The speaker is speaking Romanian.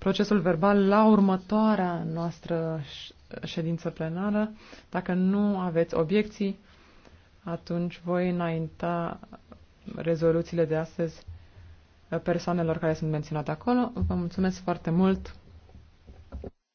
procesul verbal la următoarea noastră ședință plenară. Dacă nu aveți obiecții, atunci voi înainta rezoluțiile de astăzi persoanelor care sunt menționate acolo. Vă mulțumesc foarte mult!